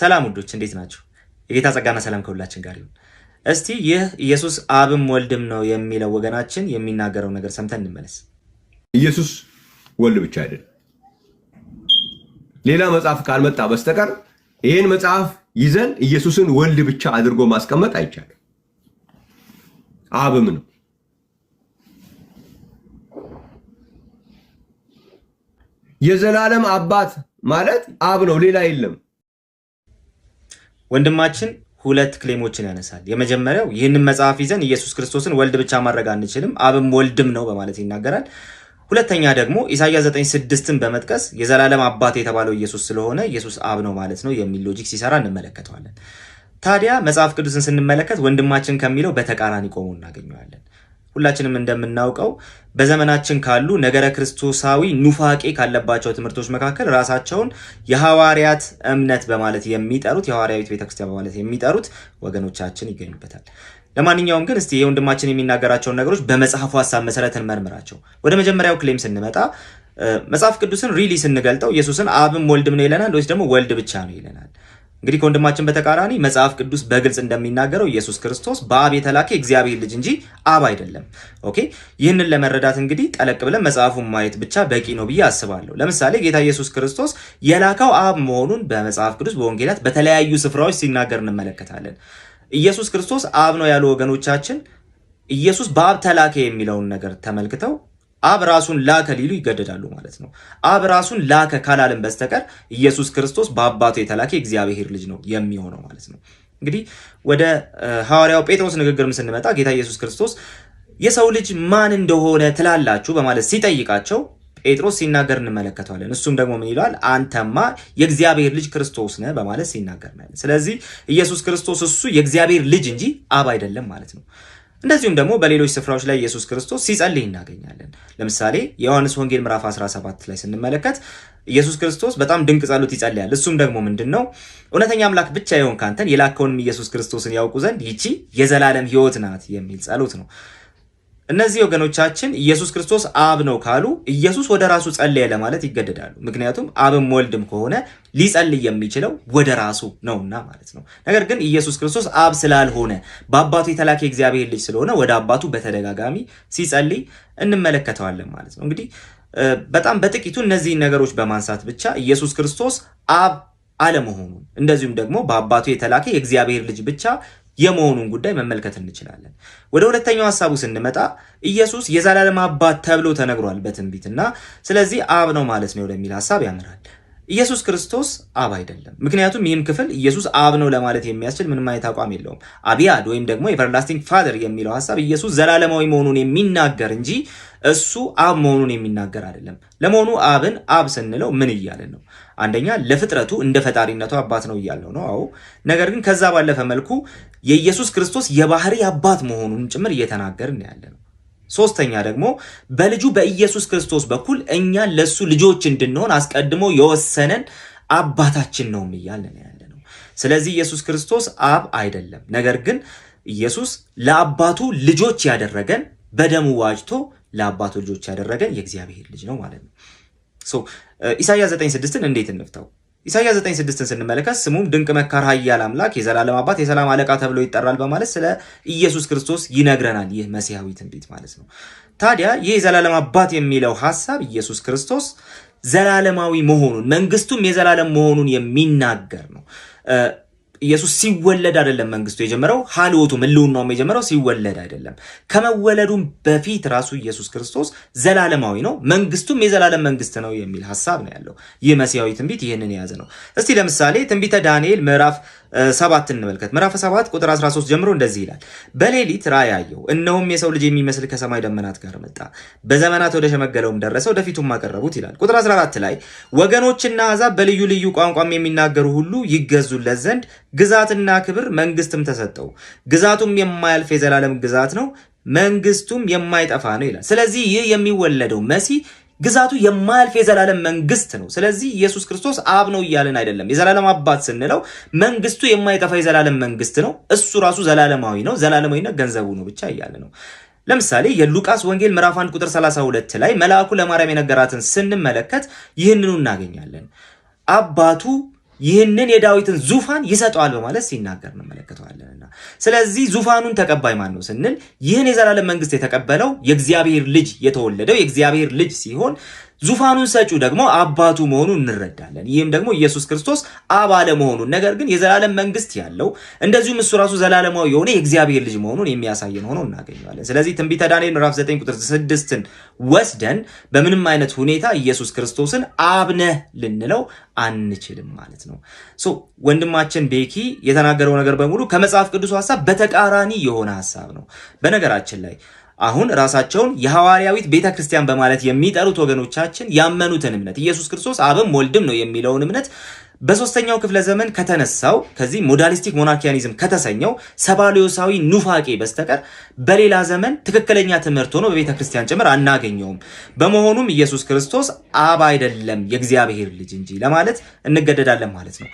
ሰላም ውዶች እንዴት ናቸው? የጌታ ጸጋና ሰላም ከሁላችን ጋር ይሁን። እስቲ ይህ ኢየሱስ አብም ወልድም ነው የሚለው ወገናችን የሚናገረው ነገር ሰምተን እንመለስ። ኢየሱስ ወልድ ብቻ አይደለም። ሌላ መጽሐፍ ካልመጣ በስተቀር ይህን መጽሐፍ ይዘን ኢየሱስን ወልድ ብቻ አድርጎ ማስቀመጥ አይቻልም። አብም ነው። የዘላለም አባት ማለት አብ ነው፣ ሌላ የለም። ወንድማችን ሁለት ክሌሞችን ያነሳል። የመጀመሪያው ይህንን መጽሐፍ ይዘን ኢየሱስ ክርስቶስን ወልድ ብቻ ማድረግ አንችልም፣ አብም ወልድም ነው በማለት ይናገራል። ሁለተኛ ደግሞ ኢሳያስ 9:6ን በመጥቀስ የዘላለም አባት የተባለው ኢየሱስ ስለሆነ ኢየሱስ አብ ነው ማለት ነው የሚል ሎጂክ ሲሰራ እንመለከተዋለን። ታዲያ መጽሐፍ ቅዱስን ስንመለከት ወንድማችን ከሚለው በተቃራኒ ቆሞ እናገኘዋለን። ሁላችንም እንደምናውቀው በዘመናችን ካሉ ነገረ ክርስቶሳዊ ኑፋቄ ካለባቸው ትምህርቶች መካከል ራሳቸውን የሐዋርያት እምነት በማለት የሚጠሩት የሐዋርያዊት ቤተክርስቲያን በማለት የሚጠሩት ወገኖቻችን ይገኙበታል። ለማንኛውም ግን እስቲ የወንድማችን የሚናገራቸውን ነገሮች በመጽሐፉ ሀሳብ መሰረት እንመርምራቸው። ወደ መጀመሪያው ክሌም ስንመጣ መጽሐፍ ቅዱስን ሪሊ ስንገልጠው ኢየሱስን አብም ወልድም ነው ይለናል ወይስ ደግሞ ወልድ ብቻ ነው ይለናል? እንግዲህ ከወንድማችን በተቃራኒ መጽሐፍ ቅዱስ በግልጽ እንደሚናገረው ኢየሱስ ክርስቶስ በአብ የተላከ የእግዚአብሔር ልጅ እንጂ አብ አይደለም። ኦኬ ይህንን ለመረዳት እንግዲህ ጠለቅ ብለን መጽሐፉን ማየት ብቻ በቂ ነው ብዬ አስባለሁ። ለምሳሌ ጌታ ኢየሱስ ክርስቶስ የላከው አብ መሆኑን በመጽሐፍ ቅዱስ በወንጌላት በተለያዩ ስፍራዎች ሲናገር እንመለከታለን። ኢየሱስ ክርስቶስ አብ ነው ያሉ ወገኖቻችን ኢየሱስ በአብ ተላከ የሚለውን ነገር ተመልክተው አብ ራሱን ላከ ሊሉ ይገደዳሉ ማለት ነው። አብ ራሱን ላከ ካላልን በስተቀር ኢየሱስ ክርስቶስ በአባቱ የተላከ የእግዚአብሔር ልጅ ነው የሚሆነው ማለት ነው። እንግዲህ ወደ ሐዋርያው ጴጥሮስ ንግግርም ስንመጣ ጌታ ኢየሱስ ክርስቶስ የሰው ልጅ ማን እንደሆነ ትላላችሁ በማለት ሲጠይቃቸው ጴጥሮስ ሲናገር እንመለከተዋለን። እሱም ደግሞ ምን ይለዋል? አንተማ የእግዚአብሔር ልጅ ክርስቶስ ነህ በማለት ሲናገር ስለዚህ ኢየሱስ ክርስቶስ እሱ የእግዚአብሔር ልጅ እንጂ አብ አይደለም ማለት ነው። እንደዚሁም ደግሞ በሌሎች ስፍራዎች ላይ ኢየሱስ ክርስቶስ ሲጸልይ እናገኛለን። ለምሳሌ የዮሐንስ ወንጌል ምዕራፍ 17 ላይ ስንመለከት ኢየሱስ ክርስቶስ በጣም ድንቅ ጸሎት ይጸልያል። እሱም ደግሞ ምንድን ነው? እውነተኛ አምላክ ብቻ የሆን ካንተን የላከውንም ኢየሱስ ክርስቶስን ያውቁ ዘንድ ይቺ የዘላለም ሕይወት ናት የሚል ጸሎት ነው። እነዚህ ወገኖቻችን ኢየሱስ ክርስቶስ አብ ነው ካሉ ኢየሱስ ወደ ራሱ ጸለየ ለማለት ይገደዳሉ። ምክንያቱም አብም ወልድም ከሆነ ሊጸልይ የሚችለው ወደ ራሱ ነውና ማለት ነው። ነገር ግን ኢየሱስ ክርስቶስ አብ ስላልሆነ በአባቱ የተላከ እግዚአብሔር ልጅ ስለሆነ ወደ አባቱ በተደጋጋሚ ሲጸልይ እንመለከተዋለን ማለት ነው። እንግዲህ በጣም በጥቂቱ እነዚህን ነገሮች በማንሳት ብቻ ኢየሱስ ክርስቶስ አብ አለመሆኑን እንደዚሁም ደግሞ በአባቱ የተላከ የእግዚአብሔር ልጅ ብቻ የመሆኑን ጉዳይ መመልከት እንችላለን። ወደ ሁለተኛው ሀሳቡ ስንመጣ ኢየሱስ የዘላለም አባት ተብሎ ተነግሯል በትንቢት እና ስለዚህ አብ ነው ማለት ነው ወደሚል ሀሳብ ያምራል። ኢየሱስ ክርስቶስ አብ አይደለም። ምክንያቱም ይህም ክፍል ኢየሱስ አብ ነው ለማለት የሚያስችል ምንም አይነት አቋም የለውም። አብያድ ወይም ደግሞ ኤቨርላስቲንግ ፋደር የሚለው ሀሳብ ኢየሱስ ዘላለማዊ መሆኑን የሚናገር እንጂ እሱ አብ መሆኑን የሚናገር አይደለም። ለመሆኑ አብን አብ ስንለው ምን እያለን ነው? አንደኛ ለፍጥረቱ እንደ ፈጣሪነቱ አባት ነው እያለው ነው። አዎ። ነገር ግን ከዛ ባለፈ መልኩ የኢየሱስ ክርስቶስ የባህሪ አባት መሆኑን ጭምር እየተናገርን ያለ ነው። ሶስተኛ ደግሞ በልጁ በኢየሱስ ክርስቶስ በኩል እኛን ለሱ ልጆች እንድንሆን አስቀድሞ የወሰነን አባታችን ነው እያልን ያለ ነው። ስለዚህ ኢየሱስ ክርስቶስ አብ አይደለም፣ ነገር ግን ኢየሱስ ለአባቱ ልጆች ያደረገን በደሙ ዋጅቶ ለአባቱ ልጆች ያደረገን የእግዚአብሔር ልጅ ነው ማለት ነው። ኢሳይያስ 9፥6ን እንዴት እንፍተው? ኢሳይያስ 9:6ን ስንመለከት ስሙም ድንቅ መካር፣ ኃያል አምላክ፣ የዘላለም አባት፣ የሰላም አለቃ ተብሎ ይጠራል በማለት ስለ ኢየሱስ ክርስቶስ ይነግረናል። ይህ መሲሐዊ ትንቢት ማለት ነው። ታዲያ ይህ የዘላለም አባት የሚለው ሐሳብ ኢየሱስ ክርስቶስ ዘላለማዊ መሆኑን መንግስቱም የዘላለም መሆኑን የሚናገር ነው። ኢየሱስ ሲወለድ አይደለም መንግስቱ የጀመረው፣ ሀልወቱ ህልውናውም የጀመረው ሲወለድ አይደለም። ከመወለዱም በፊት ራሱ ኢየሱስ ክርስቶስ ዘላለማዊ ነው፣ መንግስቱም የዘላለም መንግስት ነው የሚል ሀሳብ ነው ያለው። ይህ መሲያዊ ትንቢት ይህንን የያዘ ነው። እስቲ ለምሳሌ ትንቢተ ዳንኤል ምዕራፍ ሰባት እንመልከት። ምዕራፍ ሰባት ቁጥር 13 ጀምሮ እንደዚህ ይላል። በሌሊት ራእይ አየሁ፣ እነሆም የሰው ልጅ የሚመስል ከሰማይ ደመናት ጋር መጣ፣ በዘመናት ወደ ሸመገለውም ደረሰ፣ ወደፊቱም አቀረቡት ይላል። ቁጥር 14 ላይ ወገኖችና አሕዛብ በልዩ ልዩ ቋንቋም የሚናገሩ ሁሉ ይገዙለት ዘንድ ግዛትና ክብር መንግስትም ተሰጠው፣ ግዛቱም የማያልፍ የዘላለም ግዛት ነው፣ መንግስቱም የማይጠፋ ነው ይላል። ስለዚህ ይህ የሚወለደው መሲህ ግዛቱ የማያልፍ የዘላለም መንግስት ነው። ስለዚህ ኢየሱስ ክርስቶስ አብ ነው እያለን አይደለም። የዘላለም አባት ስንለው መንግስቱ የማይጠፋ የዘላለም መንግስት ነው። እሱ ራሱ ዘላለማዊ ነው። ዘላለማዊነት ገንዘቡ ነው ብቻ እያለ ነው። ለምሳሌ የሉቃስ ወንጌል ምዕራፍ 1 ቁጥር 32 ላይ መልአኩ ለማርያም የነገራትን ስንመለከት ይህንኑ እናገኛለን። አባቱ ይህንን የዳዊትን ዙፋን ይሰጠዋል በማለት ሲናገር እንመለከተዋለንና ስለዚህ ዙፋኑን ተቀባይ ማን ነው ስንል ይህን የዘላለም መንግስት የተቀበለው የእግዚአብሔር ልጅ የተወለደው የእግዚአብሔር ልጅ ሲሆን ዙፋኑን ሰጪው ደግሞ አባቱ መሆኑን እንረዳለን። ይህም ደግሞ ኢየሱስ ክርስቶስ አብ አለመሆኑን ነገር ግን የዘላለም መንግስት ያለው እንደዚሁም እሱ ራሱ ዘላለማዊ የሆነ የእግዚአብሔር ልጅ መሆኑን የሚያሳየን ሆኖ እናገኘዋለን። ስለዚህ ትንቢተ ዳንኤል ምዕራፍ 9 ቁጥር 6ን ወስደን በምንም አይነት ሁኔታ ኢየሱስ ክርስቶስን አብነህ ልንለው አንችልም ማለት ነው። ወንድማችን ቤኪ የተናገረው ነገር በሙሉ ከመጽሐፍ ቅዱስ ሀሳብ በተቃራኒ የሆነ ሀሳብ ነው። በነገራችን ላይ አሁን ራሳቸውን የሐዋርያዊት ቤተ ክርስቲያን በማለት የሚጠሩት ወገኖቻችን ያመኑትን እምነት ኢየሱስ ክርስቶስ አብም ወልድም ነው የሚለውን እምነት በሶስተኛው ክፍለ ዘመን ከተነሳው ከዚህ ሞዳሊስቲክ ሞናርኪያኒዝም ከተሰኘው ሰባሌዮሳዊ ኑፋቄ በስተቀር በሌላ ዘመን ትክክለኛ ትምህርት ሆኖ በቤተ ክርስቲያን ጭምር አናገኘውም። በመሆኑም ኢየሱስ ክርስቶስ አብ አይደለም የእግዚአብሔር ልጅ እንጂ ለማለት እንገደዳለን ማለት ነው።